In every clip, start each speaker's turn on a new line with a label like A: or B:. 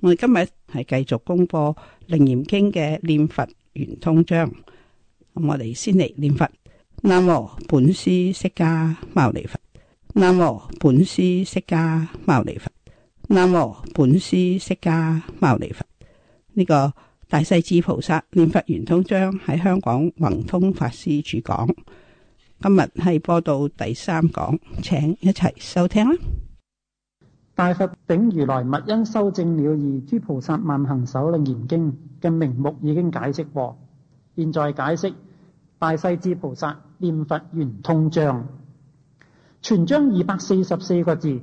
A: 我哋今日係繼續廣播《楞嚴經》嘅念佛圓通章，咁我哋先嚟念佛，南無本師釋迦牟尼佛，南無本師釋迦牟尼佛，南無本師釋迦牟尼佛。呢、這個大勢至菩薩念佛圓通章喺香港宏通法師主講，今日係播到第三講，請
B: 一齊收聽啦。大佛頂如來密因修證了義諸菩薩萬行首楞嚴經嘅名目已經解釋過，現在解釋大勢至菩薩念佛法圓通章，全章二百四十四個字，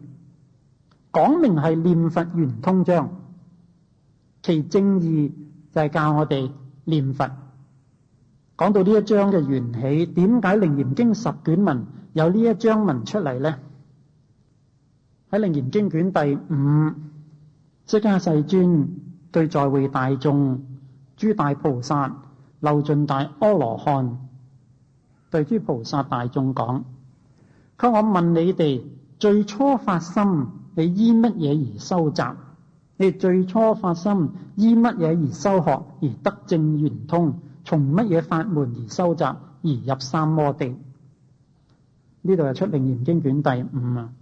B: 講明係念佛法圓通章，其正義就係教我哋念佛。講到呢一章嘅緣起，點解《楞嚴經》十卷文有呢一章文出嚟呢？喺《楞嚴經》卷第五，釋迦世尊對在會大眾、諸大菩薩、漏盡大阿羅漢對諸菩薩大眾講：佢我問你哋最初發心，你依乜嘢而修集？你最初發心依乜嘢而修學？而得正圓通，從乜嘢法門而修集？而入三摩地？呢度又出《楞嚴經》卷第五啊！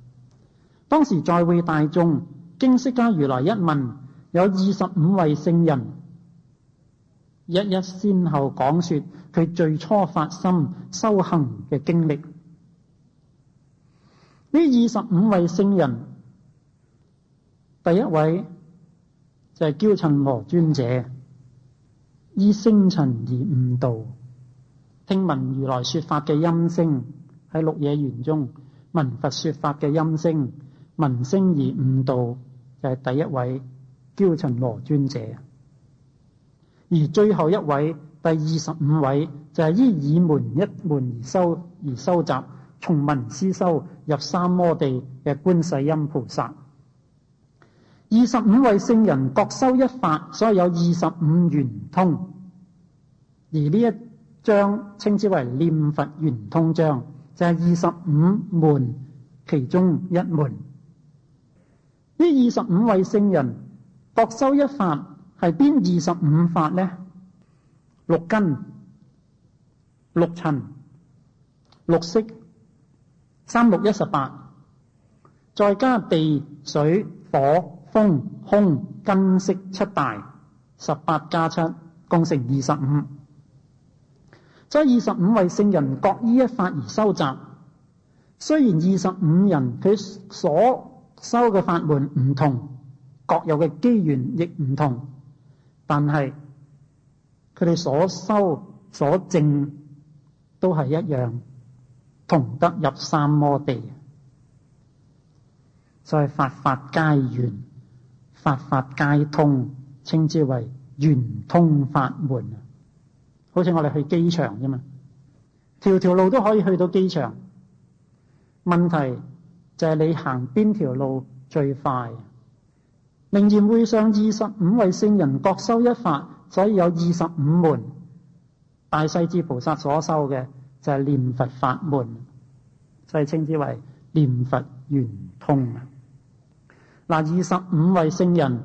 B: 當時在會大眾，經釋迦如來一問，有二十五位聖人，一一先後講說佢最初發心修行嘅經歷。呢二十五位聖人，第一位就係憍陳那尊者，依聲塵而悟道，聽聞如來說法嘅音聲喺鹿野園中，聞佛說法嘅音聲。聞聲而悟道，就係、是、第一位憍陳那尊者。而最後一位，第二十五位，就係依耳門一門而收而收集，從聞思修入三摩地嘅觀世音菩薩。二十五位聖人各修一法，所以有二十五圓通。而呢一章稱之為念佛圓通章，就係、是、二十五門其中一門。呢二十五位聖人各修一法，係邊二十五法呢？六根、六塵、六色，三六一十八，再加地水火風空根色七大，十八加七，7，共成二十五。即二十五位聖人各依一法而收集，雖然二十五人佢所修嘅法門唔同，各有嘅機緣亦唔同，但係佢哋所修所證都係一樣，同得入三摩地，所以法法皆圓，法法皆通，稱之為圓通法門。好似我哋去機場啫嘛，條條路都可以去到機場，問題。就係你行邊條路最快？楞嚴會上二十五位聖人各修一法，所以有二十五門。大勢至菩薩所修嘅就係、是、念佛法門，所以稱之為念佛法圓通。嗱，二十五位聖人，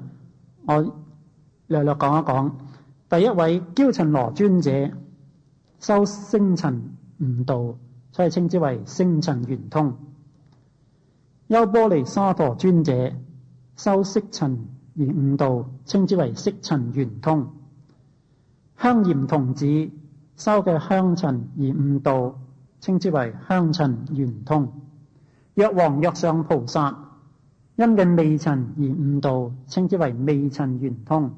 B: 我略略講一講。第一位，憍陳那尊者，修聲塵悟道，所以稱之為聲塵圓通。優波尼沙陀尊者修色塵而悟道，稱之為色塵圓通；香嚴童子修嘅香塵而悟道，稱之為香塵圓通；若王若上菩薩因嘅味塵而悟道，稱之為味塵圓通；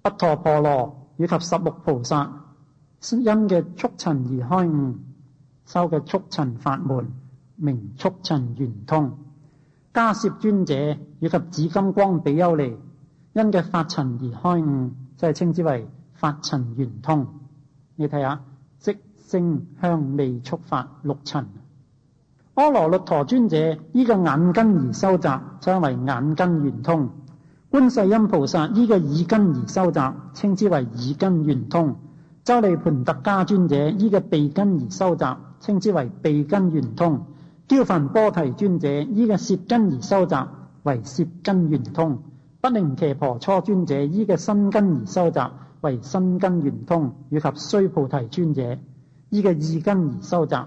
B: 不陀婆羅以及十六菩薩因嘅觸塵而開悟，修嘅觸塵法門名觸塵圓通。加涉尊者以及紫金光比丘尼，因嘅法塵而開悟，即係稱之為法塵圓通。你睇下色聲香味觸法六塵，阿羅律陀尊者依個眼根而修習，稱為眼根圓通；觀世音菩薩依個耳根而修習，稱之為耳根圓通；周利盤特加尊者依個鼻根而修習，稱之為鼻根圓通。憍梵波提尊者依嘅舌根而修習，為舌根圓通，不令騎婆初尊者依嘅身根而修習，為身根圓通，以及須菩提尊者依嘅意根而修習，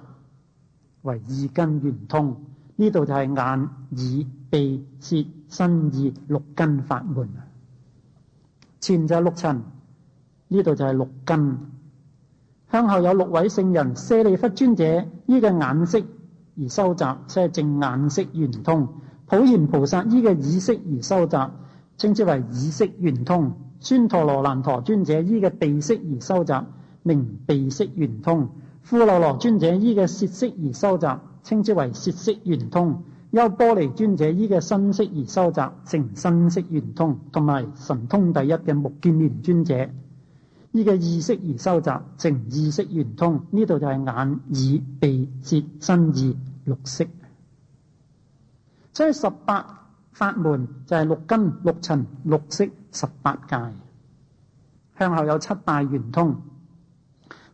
B: 為意根圓通。呢度就係眼、耳、鼻、舌、身、意六根法門。前者六就六塵，呢度就係六根。向後有六位聖人舍利弗尊者依嘅眼識。而收集，即係正眼色圓通。普賢菩薩依嘅耳識而收集，稱之為耳識圓通。孫陀羅難陀尊者依嘅鼻識而收集，名鼻識圓通。富羅羅尊者依嘅舌識而收集，稱之為舌識圓通。優波尼尊者依嘅身識而收集，成身識圓通。同埋神通第一嘅目犍連尊者，依嘅意識而收集，成意識圓通。呢度就係眼、耳、鼻、舌、身、意。六識，所以十八法門就係、是、六根、六塵、六識、十八界。向後有七大圓通，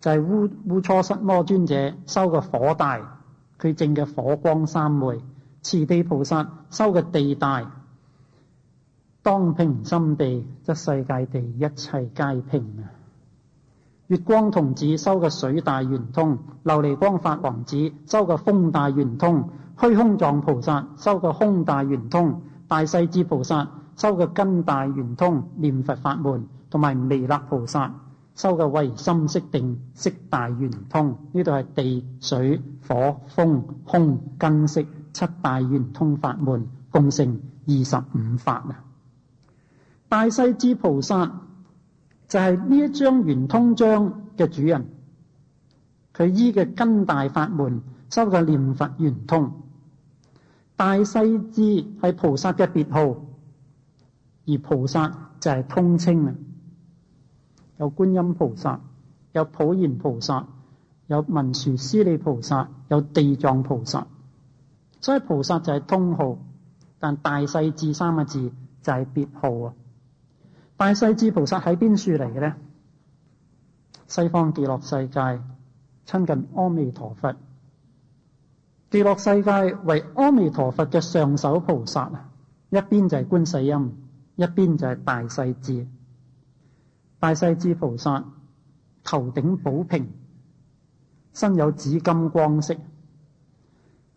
B: 就係烏烏芻瑟摩尊者修嘅火大，佢證嘅火光三昧；持地菩薩修嘅地大，當平心地則世界地，一切皆平啊！月光童子修嘅水大圓通，琉璃光法王子修嘅風大圓通，虛空藏菩薩修嘅空大圓通，大勢至菩薩修嘅根大圓通，念佛法門同埋彌勒菩薩修嘅唯心識定識大圓通，呢度係地水火風空根識七大圓通法門，共成二十五法啊！大勢至菩薩。就係呢一張圓通章嘅主人，佢依嘅根大法門，修嘅念佛圓通，大勢至係菩薩嘅別號，而菩薩就係通稱啊。有觀音菩薩，有普賢菩薩，有文殊師利菩薩，有地藏菩薩。所以菩薩就係通號，但大勢至三個字就係別號啊。大勢至菩薩喺邊處嚟嘅呢？西方極樂世界親近阿彌陀佛，極樂世界為阿彌陀佛嘅上首菩薩，一邊就係觀世音，一邊就係大勢至。大勢至菩薩頭頂寶瓶，身有紫金光色。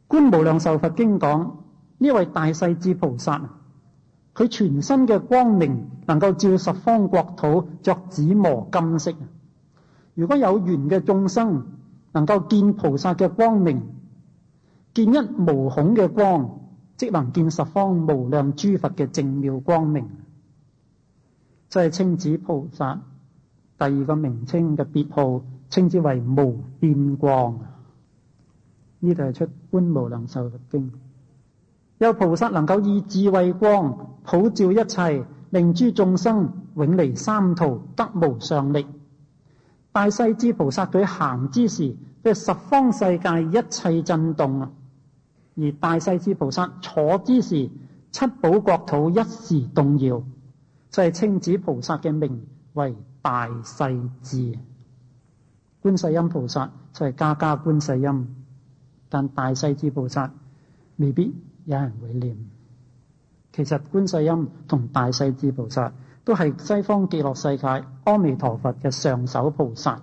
B: 觀無量壽佛經講呢位大勢至菩薩。佢全身嘅光明能夠照十方國土，作紫磨金色。如果有緣嘅眾生能夠見菩薩嘅光明，見一毛孔嘅光，即能見十方無量諸佛嘅淨妙光明。即係稱指菩薩第二個名稱嘅別號，稱之為無邊光。呢度係出《觀無量壽經》。有菩薩能夠以智慧光普照一切，令諸眾生永離三途，得無上力。大勢至菩薩舉行之時，即十方世界一切震動啊！而大勢至菩薩坐之時，七寶國土一時動搖，就係稱指菩薩嘅名為大勢至。觀世音菩薩就係家家觀世音，但大勢至菩薩未必。有人會念，其實觀世音同大勢至菩薩都係西方極樂世界阿彌陀佛嘅上首菩薩。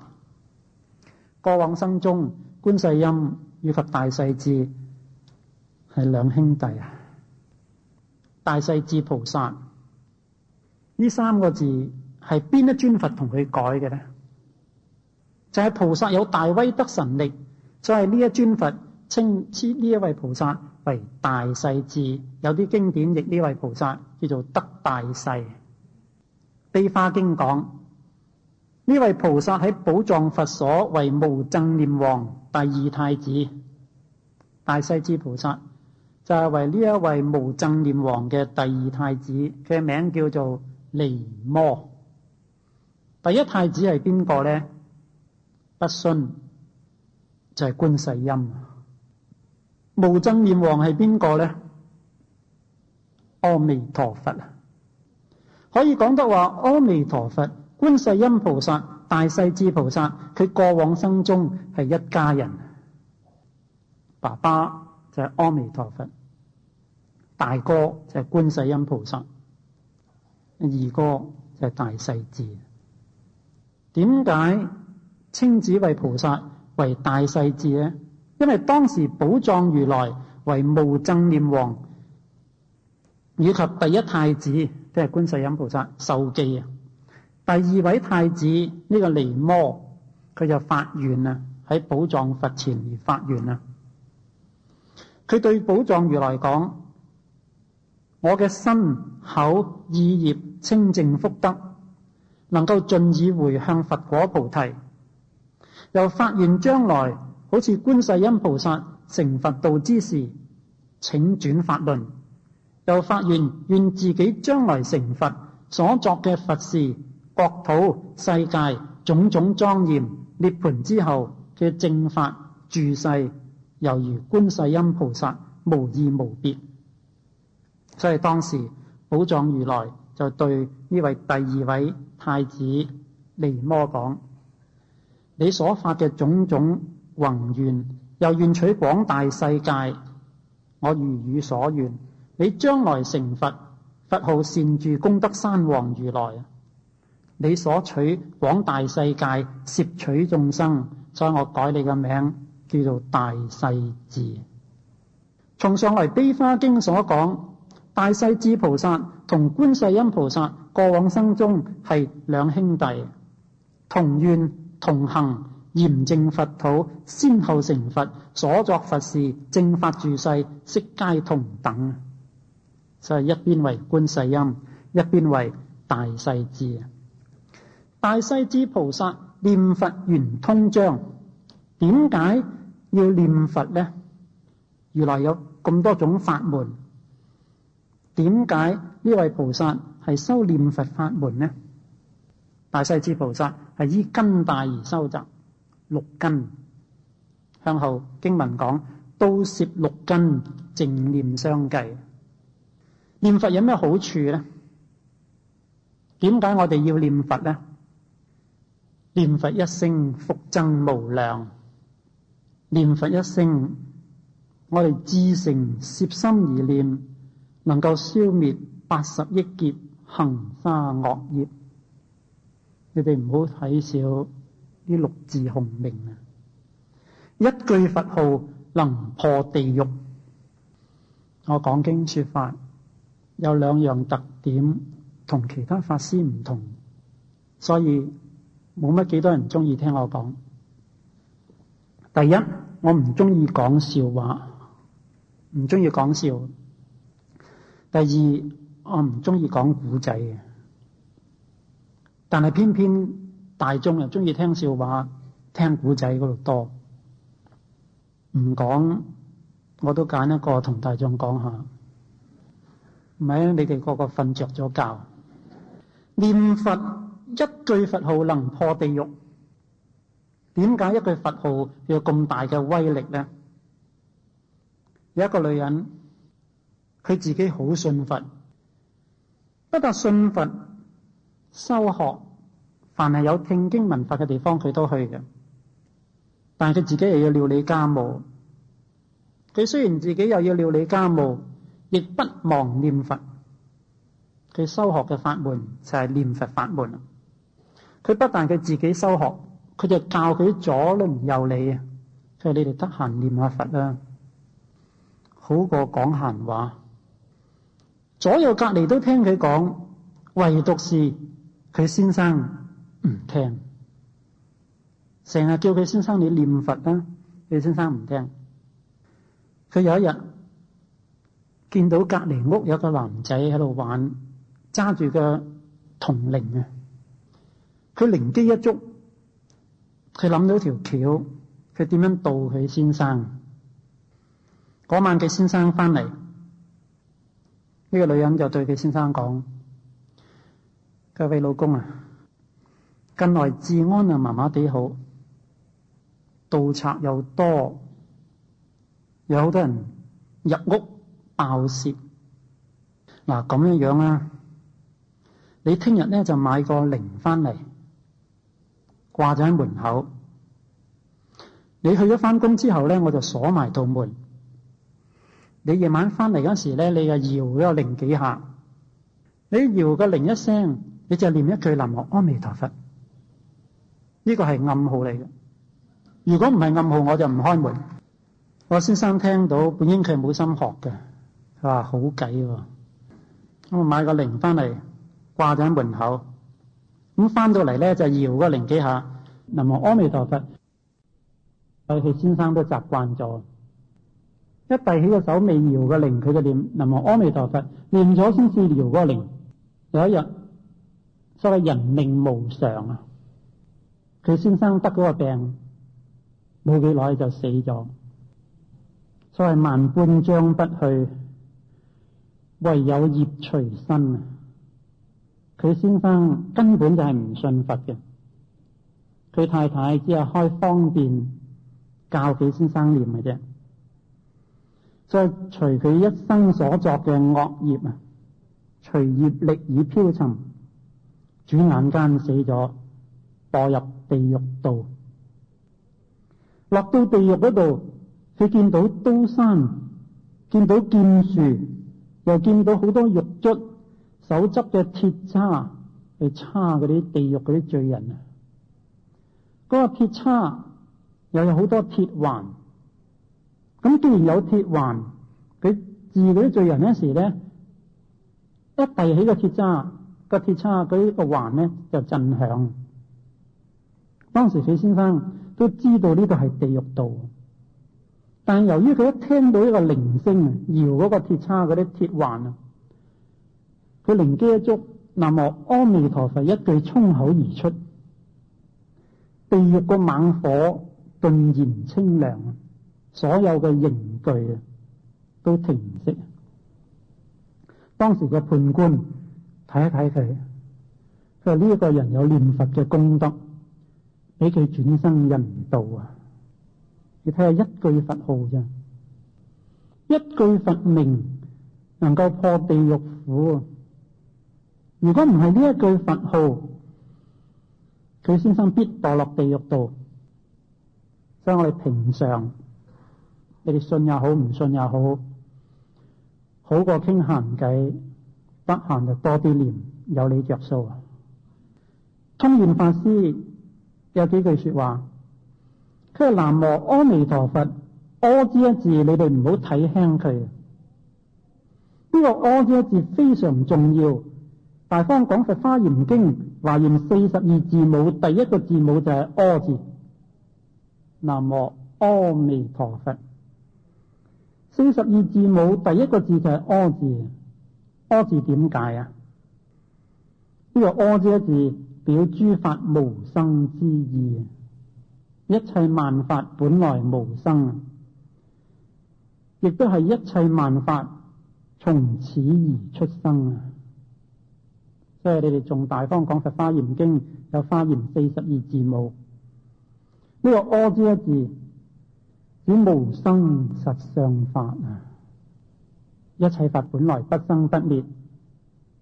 B: 過往生中，觀世音與佛大勢至係兩兄弟啊！大勢至菩薩呢三個字係邊一尊佛同佢改嘅呢？就係、是、菩薩有大威德神力，就係、是、呢一尊佛。稱之呢一位菩薩為大勢至，有啲經典譯呢位菩薩叫做得大勢。《悲華經》講呢位菩薩喺寶藏佛所為無諍念王第二太子，大勢至菩薩就係為呢一位無諍念王嘅第二太子，佢嘅名叫做尼摩。第一太子係邊個咧？不眴就係、是、觀世音。無諍念王係邊個咧？阿彌陀佛啊，可以講得話，阿彌陀佛、觀世音菩薩、大勢至菩薩，佢過往生中係一家人。爸爸就係阿彌陀佛，大哥就係觀世音菩薩，二哥就係大勢至。點解稱之為菩薩為大勢至咧？因為當時寶藏如來為無諍念王，以及第一太子，即係觀世音菩薩受記啊。第二位太子呢個尼摩，佢就發願啊，喺寶藏佛前而發願啊。佢對寶藏如來講：我嘅身口意業清淨福德，能夠盡以回向佛果菩提，又發願將來。好似觀世音菩薩成佛道之時，請轉法輪，又發願願自己將來成佛所作嘅佛事國土世界種種莊嚴涅槃之後嘅正法住世，猶如觀世音菩薩無異無別。所以當時寶藏如來就對呢位第二位太子尼摩講：你所發嘅種種。宏願，又願取廣大世界，我如汝所願。你將來成佛，佛號善住功德山王如來。你所取廣大世界，攝取眾生，所以我改你嘅名叫做大勢至。從上嚟《悲華經》所講，大勢至菩薩同觀世音菩薩過往生中係兩兄弟，同願同行。嚴正佛土，先後成佛所作佛事，正法住世，悉皆同等。所以一邊為觀世音，一邊為大勢至。大勢至菩薩念佛圓通章，點解要念佛呢？原來有咁多種法門，點解呢位菩薩係修念佛法門呢？大勢至菩薩係依根大而修習。六根向後，經文講都攝六根，淨念相繼。念佛有咩好處咧？點解我哋要念佛呢？念佛一聲，福增無量；念佛一聲，我哋至誠攝心而念，能夠消滅八十億劫恆沙惡業。你哋唔好睇小。啲→六字洪名啊！一句佛號能破地獄。我講經說法有兩樣特點同其他法師唔同，所以冇乜幾多人中意聽我講。第一，我唔中意講笑話，唔中意講笑。第二，我唔中意講古仔嘅，但係偏偏。大眾又中意聽笑話、聽古仔嗰度多，唔講我都揀一個同大眾講下，唔係你哋個個瞓着咗覺。念佛一句佛號能破地獄，點解一句佛號有咁大嘅威力呢？有一個女人，佢自己好信佛，不但信佛，修學。凡係有聽經聞法嘅地方，佢都去嘅。但係佢自己又要料理家務，佢雖然自己又要料理家務，亦不忘念佛。佢修學嘅法門就係念佛法門。佢不但佢自己修學，佢就教佢左鄰右里啊，即係你哋得閒念下佛啦，好過講閒話。左右隔籬都聽佢講，唯獨是佢先生。唔聽，成日叫佢先生你念佛啊。佢先生唔聽。佢有一日見到隔離屋有個男仔喺度玩，揸住個銅鈴啊。佢靈機一觸，佢諗到條橋，佢點樣盜佢先生嗰晚。佢先生翻嚟，呢、這個女人就對佢先生講：各位老公啊！近來治安啊，麻麻地好，盜賊又多，有好多人入屋爆竊嗱。咁樣樣啦，你聽日咧就買個鈴翻嚟掛咗喺門口。你去咗翻工之後咧，我就鎖埋道門。你夜晚翻嚟嗰時咧，你就搖咗鈴幾下。你搖個鈴一聲，你就念一句南無阿彌陀佛。呢個係暗號嚟嘅，如果唔係暗號，我就唔開門。我先生聽到，本應佢冇心學嘅，係嘛好計，咁、啊、我買個鈴翻嚟掛咗喺門口。咁翻到嚟咧，就搖、是、個鈴幾下，南無阿彌陀佛。我哋先生都習慣咗，一提起手個手未搖個鈴，佢就念，南無阿彌陀佛。念咗先至搖個鈴。有一日，所謂人命無常啊！佢先生得嗰個病，冇幾耐就死咗。所謂萬般將不去，唯有業隨身。佢先生根本就係唔信佛嘅，佢太太只係開方便教佢先生念嘅啫。所以隨佢一生所作嘅惡業啊，隨業力而飄沉，轉眼間死咗，墮入。地獄道，落到地獄嗰度，佢見到刀山，見到劍樹，又見到好多獄卒，手執嘅鐵叉嚟叉嗰啲地獄嗰啲罪人啊！嗰、嗰個鐵叉又有好多鐵環，咁既然有鐵環，佢治嗰啲罪人嗰時咧，一遞起鐵、嗰個鐵叉，個鐵叉佢啲個環咧就震響。當時，水先生都知道呢個係地獄道，但由於佢一聽到一個鈴聲啊，搖嗰個鐵叉嗰啲鐵環啊，佢靈機一觸，南無阿彌陀佛一句衝口而出，地獄個猛火頓然清涼，所有嘅刑具啊都停唔熄。當時個判官睇一睇佢，佢話呢一個人有念佛嘅功德。俾佢轉生人道啊！你睇下一句佛號啫，一句佛名能夠破地獄苦。如果唔係呢一句佛號，佢先生必墮落地獄道。所以我哋平常，你哋信也好，唔信也好，好過傾閒偈，得閒就多啲念，有你着數啊！通賢法師。有幾句說話，佢係南無阿彌陀佛，阿字一字，你哋唔好睇輕佢。呢、這個阿字一字非常重要。大方廣佛華嚴經話，華嚴四十二字母第一個字母就係阿字。南無阿彌陀佛，四十二字母第一個字就係阿字。阿字點解啊？呢、這個阿字一字。表諸法無生之意，一切萬法本來無生，亦都係一切萬法從此而出生啊！即係你哋仲大方講《佛花嚴經》，有花嚴四十二字母，呢個阿字一字表無生實相法啊！一切法本來不生不滅。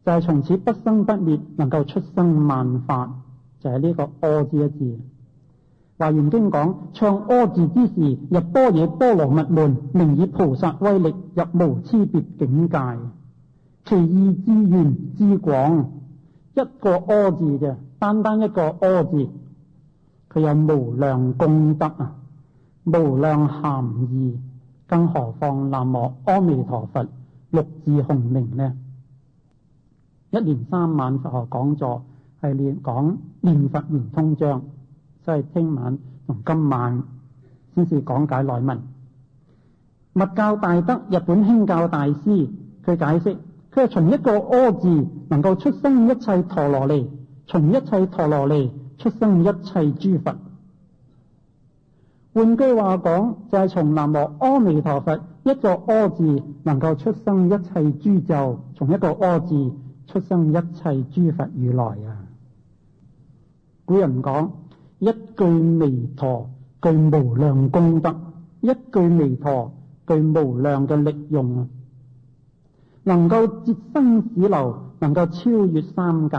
B: 就係從此不生不滅，能夠出生萬法，就係呢個阿字一字。華嚴經講，唱阿字之時，入般若波羅蜜門，名以菩薩威力入無差別境界，其意之遠之廣，一個阿字嘅，單單一個阿字，佢有無量功德啊，無量含義，更何況南無阿彌陀佛六字洪名呢？一年三晚佛學講座系列講念佛圓通章，所以聽晚同今晚，先至講解內文。密教大德、日本興教大師佢解釋，佢係從一個阿字能夠出生一切陀羅尼，從一切陀羅尼出生一切諸佛。換句話講，就係、是、從南無阿彌陀佛一個阿字，能夠出生一切諸咒，從一個阿字。出生一切諸佛如來啊！古人講：一句彌陀具無量功德，一句彌陀具無量嘅力用，能夠截生死流，能夠超越三界。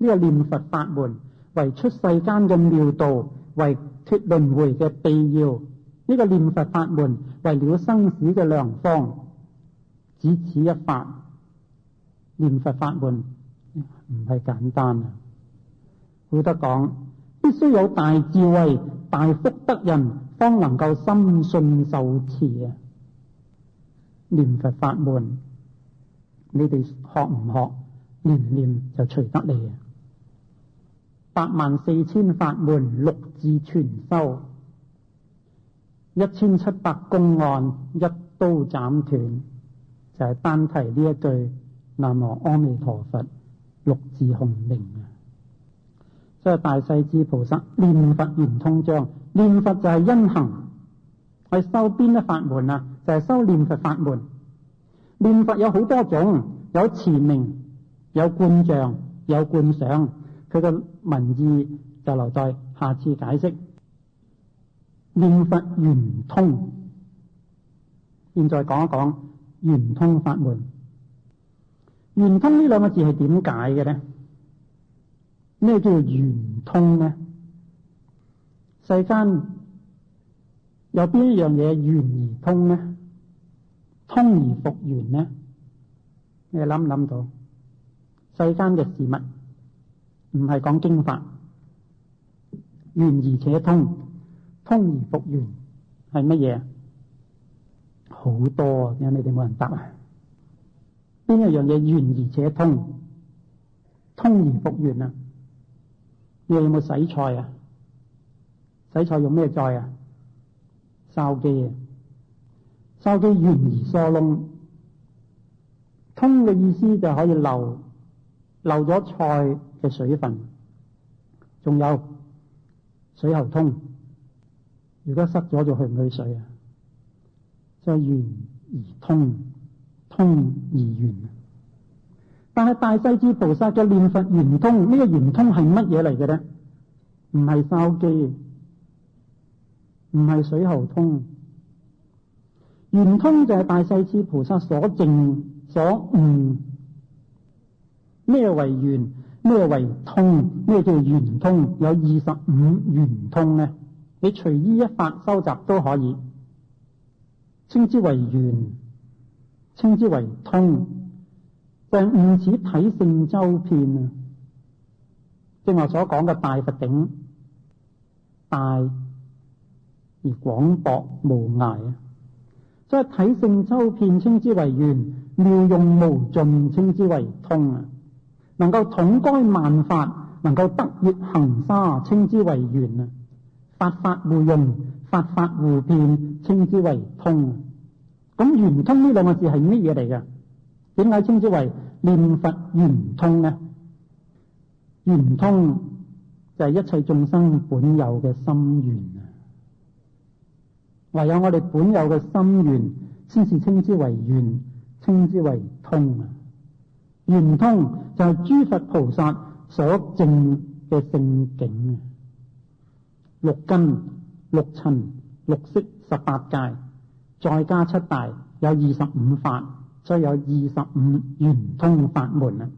B: 呢、這個念佛法門為出世間嘅妙道，為脱輪迴嘅秘要。呢、這個念佛法門為了生死嘅良方，只此一法。念佛法門唔係簡單啊，冇得講，必須有大智慧、大福德人，方能夠深信受持啊。念佛法門，你哋學唔學？念念就隨得你啊。八萬四千法門，六字全修，一千七百公案，一刀斬斷，就係、是、單提呢一句。南無阿彌陀佛，六字洪名啊！即係大勢至菩薩念佛圓通章，念佛就係因行，係修邊一法門啊，就係修念佛法門。念佛有好多種，有持名，有觀像、有觀想。佢個文字就留在下次解釋。念佛圓通，現在講一講圓通法門。圓通呢兩個字係點解嘅咧？咩叫圓通咧？世間有邊一樣嘢圓而通咧？通而複圓咧？你諗唔諗到世間嘅事物唔係講經法，圓而且通，通而複圓係乜嘢？好多，有你哋冇人答啊！邊一樣嘢圓而且通，通而復圓啊！你有冇洗菜啊？洗菜用咩菜啊？筲箕啊，筲箕圓而疏窿，通嘅意思就可以流，流咗菜嘅水分。仲有水喉通，如果塞咗就去唔去水啊？即係圓而通。通而圓，但係大勢至菩薩嘅念佛圓通呢、呢個圓通係乜嘢嚟嘅咧？唔係筲箕，唔係水喉通，圓通就係大勢至菩薩所證所悟。咩為圓？咩為通？咩叫圓通？有二十五圓通咧，你隨意一法收集都可以，稱之為圓。稱之為通，就係唔似體性周遍啊！正我所講嘅大佛頂，大而廣博無涯。啊！所以體性周遍，稱之為圓；妙用無盡，稱之為通啊！能夠統該萬法，能夠得月行沙，稱之為圓啊！法法互用，法法互變，稱之為通。咁圓通呢兩個字係乜嘢嚟㗎？點解稱之為念佛圓通呢？圓通就係一切眾生本有嘅心願啊！唯有我哋本有嘅心願，先至稱之為圓，稱之為通啊！圓通就係諸佛菩薩所證嘅聖境啊！六根、六塵、六識、十八界。再加七大，有二十五法，所以有二十五圓通法門啊。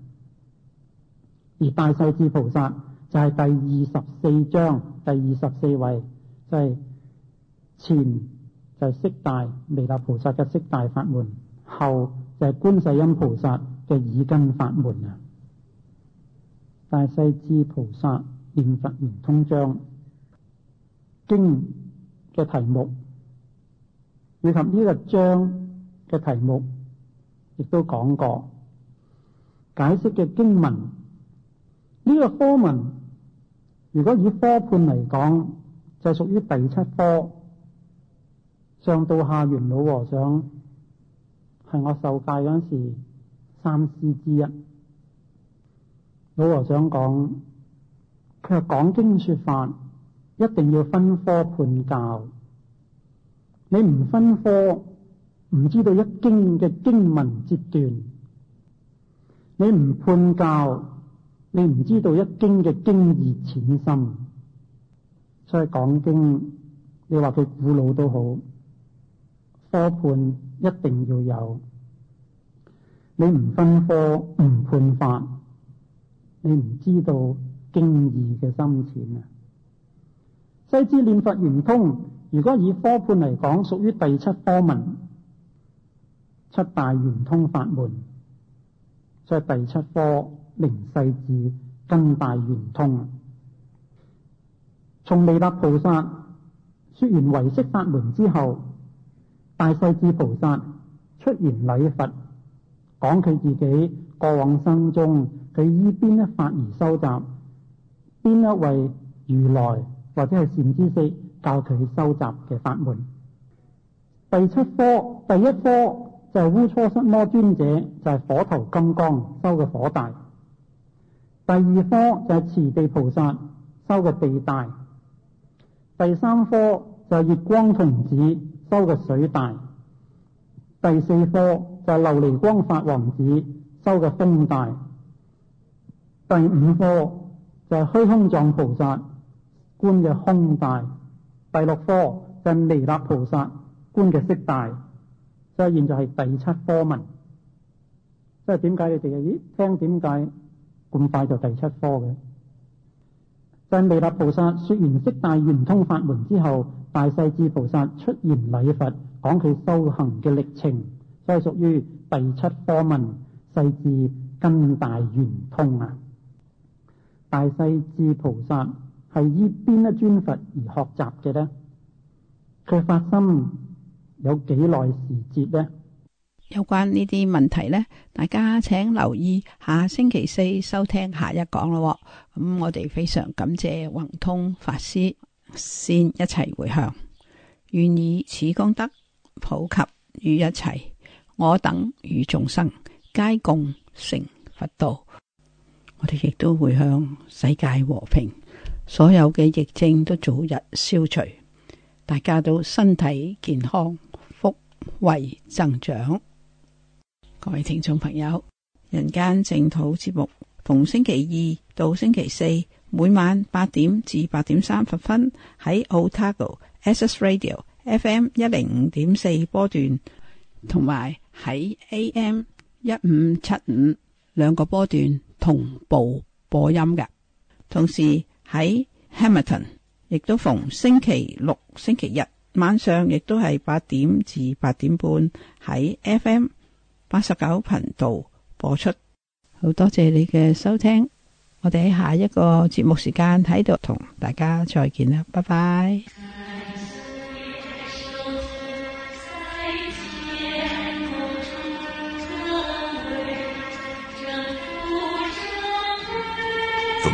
B: 而大勢至菩薩就係第二十四章第二十四位，就係、係、前就係識大彌勒菩薩嘅識大法門，後就係觀世音菩薩嘅耳根法門啊。大勢至菩薩念佛圓通章經嘅題目。以及呢個章嘅題目，亦都講過解釋嘅經文。呢、這個科文，如果以科判嚟講，就屬於第七科。上到下元老和尚係我受戒嗰陣時三師之一。老和尚講，佢講經說法一定要分科判教。你唔分科，唔知道一經嘅經文節段；你唔判教，你唔知道一經嘅經義淺深。所以講經，你話佢古老都好，科判一定要有。你唔分科，唔判法，你唔知道經義嘅深淺啊！勢至念佛圓通。如果以科判嚟講，屬於第七科文，七大圓通法門，即係第七科明勢至根大圓通。從彌勒菩薩説完唯識法門之後，大勢至菩薩出言禮佛，講佢自己過往生中佢依邊一法而修習，邊一位如來或者係善知識。教佢收集嘅法門。第七科第一科就係、是、烏初失摩尊者，就係、是、火頭金剛收嘅火大。第二科就係持地菩薩收嘅地大。第三科就係、是、月光童子收嘅水大。第四科就係琉璃光法王子收嘅風大。第五科就係、是、虛空藏菩薩觀嘅空大。第六科就彌勒菩薩觀嘅色大，所以現在係第七科文。即係點解你哋咦？聽點解咁快就第七科嘅？就彌勒菩薩說完色大圓通法門之後，大勢至菩薩出言禮佛，講佢修行嘅歷程，所以屬於第七科文，勢至根大圓通啊！大勢至菩薩。係依邊一尊佛而學習嘅呢？佢發心有幾耐時節呢？有
A: 關呢啲問題呢，大家請留意下星期四收聽下一講咯。咁、嗯、我哋非常感謝宏通法師先一齊回向，願以此功德普及於一切，我等與眾生，皆共成佛道。我哋亦都會向世界和平，所有嘅疫症都早日消除，大家都身體健康，福慧增長。各位聽眾朋友，人間淨土節目逢星期二到星期四每晚八點至八點三十分喺 Otago S S Radio F M 一零五點四波段，同埋喺 A M 一五七五兩個波段同步播音嘅，同時。喺 Hamilton，亦都逢星期六、星期日晚上，亦都係八點至八點半喺 FM 八十九頻道播出。好多謝你嘅收聽，我哋喺下一個節目時間喺度同大家再見啦，拜拜。